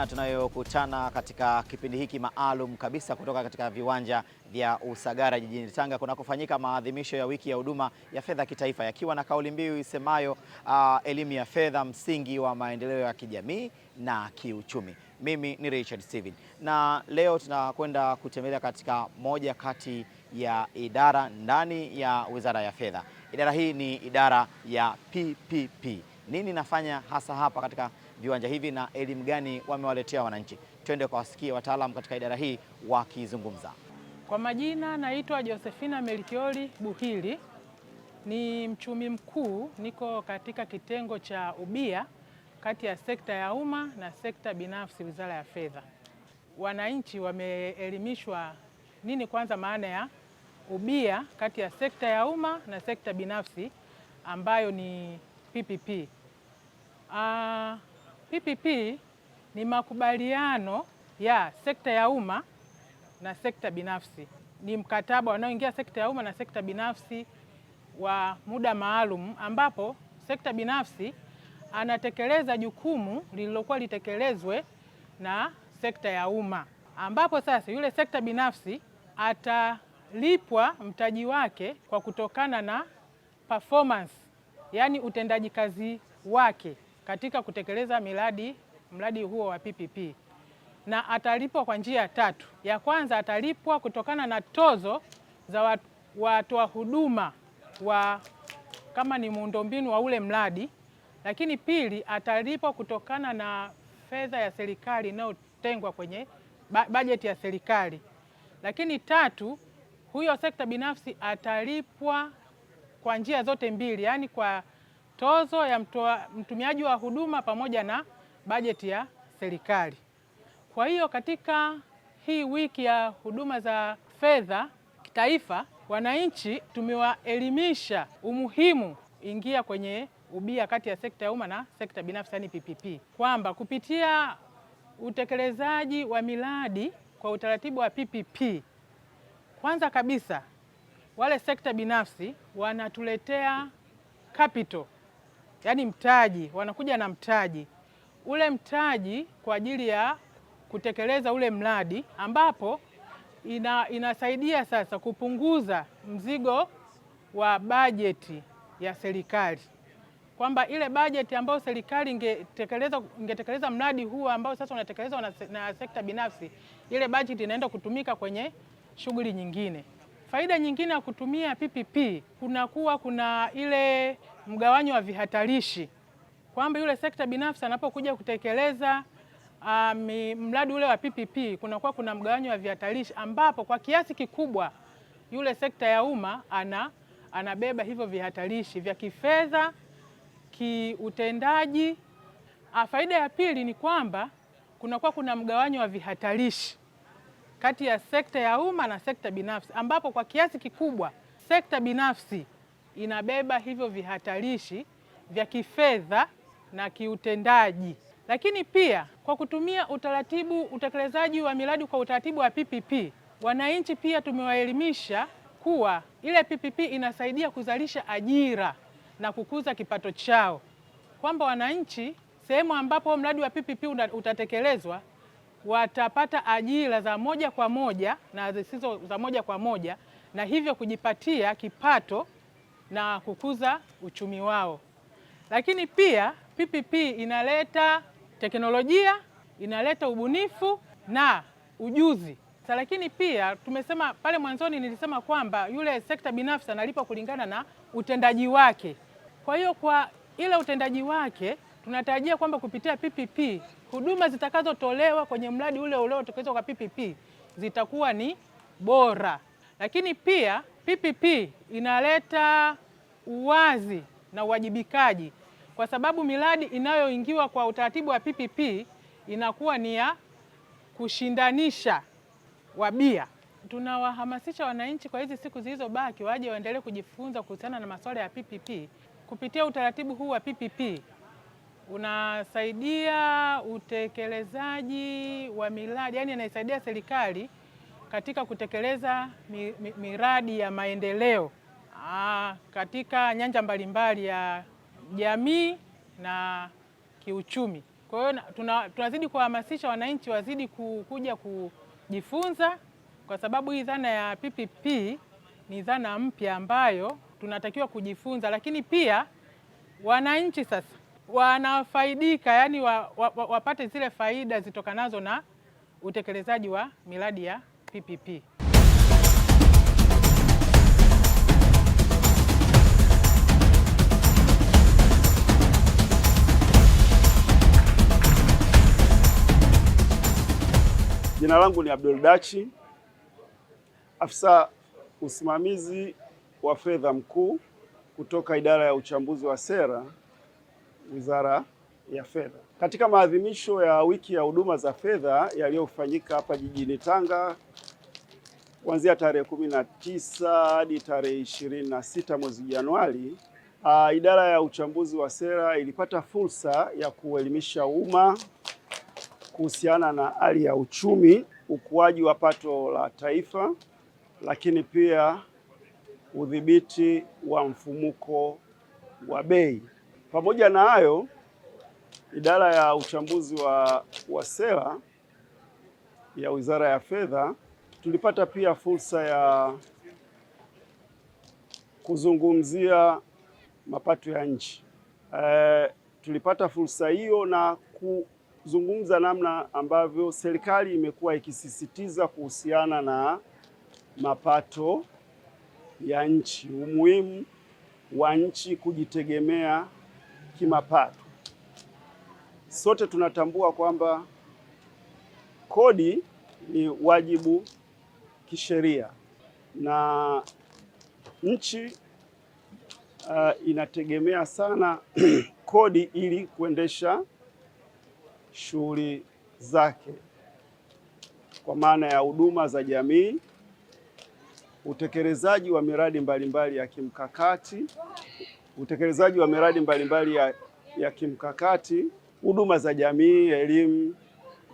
tena tunayokutana katika kipindi hiki maalum kabisa kutoka katika viwanja vya Usagara jijini Tanga kunakofanyika maadhimisho ya wiki ya huduma ya fedha kitaifa yakiwa na kauli mbiu isemayo uh, elimu ya fedha msingi wa maendeleo ya kijamii na kiuchumi. Mimi ni Richard Steven na leo tunakwenda kutembelea katika moja kati ya idara ndani ya Wizara ya Fedha. Idara hii ni idara ya PPP. Nini nafanya hasa hapa katika viwanja hivi na elimu gani wamewaletea wananchi. Twende kwa wasikie wataalamu katika idara hii wakizungumza. Kwa majina naitwa Josefina Melchiori Buhili, ni mchumi mkuu, niko katika kitengo cha ubia kati ya sekta ya umma na sekta binafsi, Wizara ya Fedha. Wananchi wameelimishwa nini kwanza maana ya ubia kati ya sekta ya umma na sekta binafsi ambayo ni PPP. Aa, ah, PPP ni makubaliano ya sekta ya umma na sekta binafsi. Ni mkataba wanaoingia sekta ya umma na sekta binafsi wa muda maalum, ambapo sekta binafsi anatekeleza jukumu lililokuwa litekelezwe na sekta ya umma, ambapo sasa yule sekta binafsi atalipwa mtaji wake kwa kutokana na performance, yaani utendaji kazi wake katika kutekeleza miradi mradi huo wa PPP na atalipwa kwa njia tatu. Ya kwanza atalipwa kutokana na tozo za watoa huduma wa kama ni muundombinu wa ule mradi, lakini pili atalipwa kutokana na fedha ya serikali inayotengwa kwenye bajeti ya serikali, lakini tatu huyo sekta binafsi atalipwa kwa njia zote mbili, yaani kwa tozo ya mtua, mtumiaji wa huduma pamoja na bajeti ya serikali. Kwa hiyo katika hii wiki ya huduma za fedha kitaifa, wananchi tumewaelimisha umuhimu ingia kwenye ubia kati ya sekta ya umma na sekta binafsi, yani PPP, kwamba kupitia utekelezaji wa miradi kwa utaratibu wa PPP, kwanza kabisa wale sekta binafsi wanatuletea capital yaani mtaji, wanakuja na mtaji ule mtaji kwa ajili ya kutekeleza ule mradi, ambapo ina, inasaidia sasa kupunguza mzigo wa bajeti ya serikali, kwamba ile bajeti ambayo serikali ingetekeleza ingetekeleza mradi huu ambao sasa unatekelezwa na, na sekta binafsi, ile bajeti inaenda kutumika kwenye shughuli nyingine. Faida nyingine ya kutumia PPP kunakuwa kuna ile mgawanyo wa vihatarishi, kwamba yule sekta binafsi anapokuja kutekeleza um, mradi ule wa PPP kunakuwa kuna mgawanyo wa vihatarishi ambapo kwa kiasi kikubwa yule sekta ya umma ana, anabeba hivyo vihatarishi vya kifedha, kiutendaji. Ah, faida ya pili ni kwamba kunakuwa kuna mgawanyo wa vihatarishi kati ya sekta ya umma na sekta binafsi ambapo kwa kiasi kikubwa sekta binafsi inabeba hivyo vihatarishi vya kifedha na kiutendaji. Lakini pia kwa kutumia utaratibu utekelezaji wa miradi kwa utaratibu wa PPP, wananchi pia tumewaelimisha kuwa ile PPP inasaidia kuzalisha ajira na kukuza kipato chao, kwamba wananchi sehemu ambapo mradi wa PPP utatekelezwa watapata ajira za moja kwa moja na zisizo za moja kwa moja na hivyo kujipatia kipato na kukuza uchumi wao. Lakini pia PPP inaleta teknolojia, inaleta ubunifu na ujuzi. Sa, lakini pia tumesema pale mwanzoni nilisema kwamba yule sekta binafsi analipa kulingana na utendaji wake. Kwa hiyo kwa ile utendaji wake tunatarajia kwamba kupitia PPP huduma zitakazotolewa kwenye mradi ule uliotekelezwa kwa PPP zitakuwa ni bora. Lakini pia PPP inaleta uwazi na uwajibikaji, kwa sababu miradi inayoingiwa kwa utaratibu wa PPP inakuwa ni ya kushindanisha wabia. Tunawahamasisha wananchi kwa hizi siku zilizobaki waje waendelee kujifunza kuhusiana na masuala ya PPP. Kupitia utaratibu huu wa PPP unasaidia utekelezaji wa miradi, yani inaisaidia serikali katika kutekeleza miradi ya maendeleo aa, ah, katika nyanja mbalimbali ya jamii na kiuchumi. Kwa hiyo tunazidi kuhamasisha wananchi wazidi kuja kujifunza, kwa sababu hii dhana ya PPP ni dhana mpya ambayo tunatakiwa kujifunza, lakini pia wananchi sasa wanafaidika yani wa, wa, wa, wapate zile faida zitokanazo na utekelezaji wa miradi ya PPP. Jina langu ni Abdul Dachi, afisa usimamizi wa fedha mkuu kutoka idara ya uchambuzi wa sera, Wizara ya Fedha. Katika maadhimisho ya wiki ya huduma za fedha yaliyofanyika hapa jijini Tanga kuanzia tarehe kumi na tisa hadi tarehe ishirini na sita mwezi Januari, ah, idara ya uchambuzi wa sera ilipata fursa ya kuelimisha umma kuhusiana na hali ya uchumi, ukuaji wa pato la taifa, lakini pia udhibiti wa mfumuko wa bei. Pamoja na hayo, idara ya uchambuzi wa, wa sera ya Wizara ya Fedha tulipata pia fursa ya kuzungumzia mapato ya nchi. E, tulipata fursa hiyo na ku zungumza namna ambavyo serikali imekuwa ikisisitiza kuhusiana na mapato ya nchi, umuhimu wa nchi kujitegemea kimapato. Sote tunatambua kwamba kodi ni wajibu kisheria na nchi uh, inategemea sana kodi ili kuendesha shughuli zake kwa maana ya huduma za jamii, utekelezaji wa miradi mbalimbali ya kimkakati, utekelezaji wa miradi mbalimbali ya, ya kimkakati, huduma za jamii, elimu,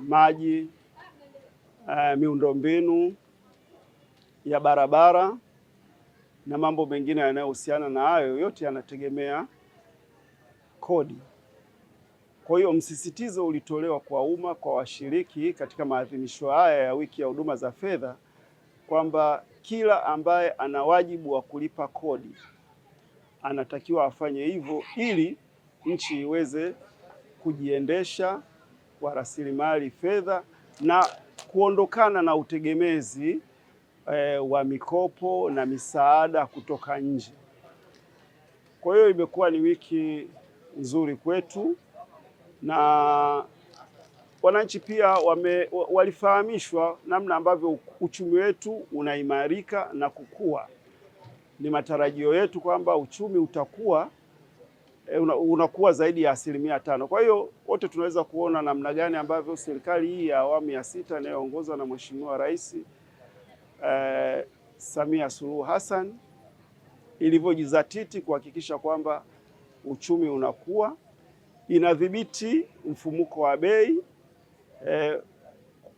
maji, uh, miundombinu ya barabara na mambo mengine yanayohusiana na hayo, yote yanategemea kodi. Kwa hiyo msisitizo ulitolewa kwa umma, kwa washiriki katika maadhimisho haya ya wiki ya huduma za fedha kwamba kila ambaye ana wajibu wa kulipa kodi anatakiwa afanye hivyo ili nchi iweze kujiendesha kwa rasilimali fedha na kuondokana na utegemezi e, wa mikopo na misaada kutoka nje. Kwa hiyo imekuwa ni wiki nzuri kwetu na wananchi pia wame, walifahamishwa namna ambavyo uchumi wetu unaimarika na kukua. Ni matarajio yetu kwamba uchumi utakuwa eh, unakuwa zaidi ya asilimia tano. Kwa hiyo wote tunaweza kuona namna gani ambavyo serikali hii ya awamu ya sita inayoongozwa na, Mheshimiwa Rais eh, Samia Suluhu Hassan ilivyojizatiti kuhakikisha kwamba uchumi unakuwa inadhibiti mfumuko wa bei eh,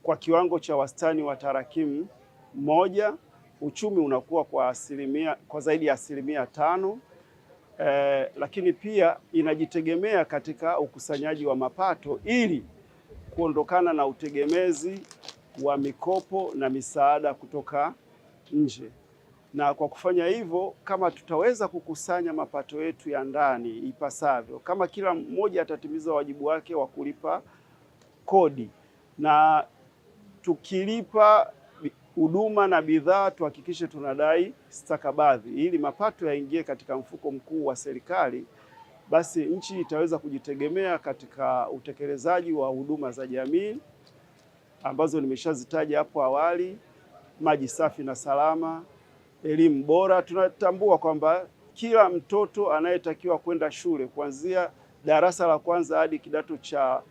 kwa kiwango cha wastani wa tarakimu moja. Uchumi unakuwa kwa asilimia, kwa zaidi ya asilimia tano eh, lakini pia inajitegemea katika ukusanyaji wa mapato ili kuondokana na utegemezi wa mikopo na misaada kutoka nje na kwa kufanya hivyo, kama tutaweza kukusanya mapato yetu ya ndani ipasavyo, kama kila mmoja atatimiza wajibu wake wa kulipa kodi na tukilipa huduma na bidhaa tuhakikishe tunadai stakabadhi ili mapato yaingie katika mfuko mkuu wa serikali, basi nchi itaweza kujitegemea katika utekelezaji wa huduma za jamii ambazo nimeshazitaja hapo awali: maji safi na salama elimu bora. Tunatambua kwamba kila mtoto anayetakiwa kwenda shule kuanzia darasa la kwanza hadi kidato cha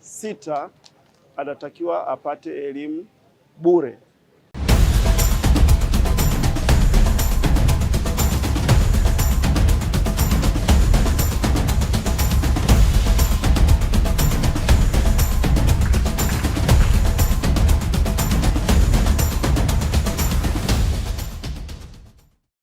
sita anatakiwa apate elimu bure.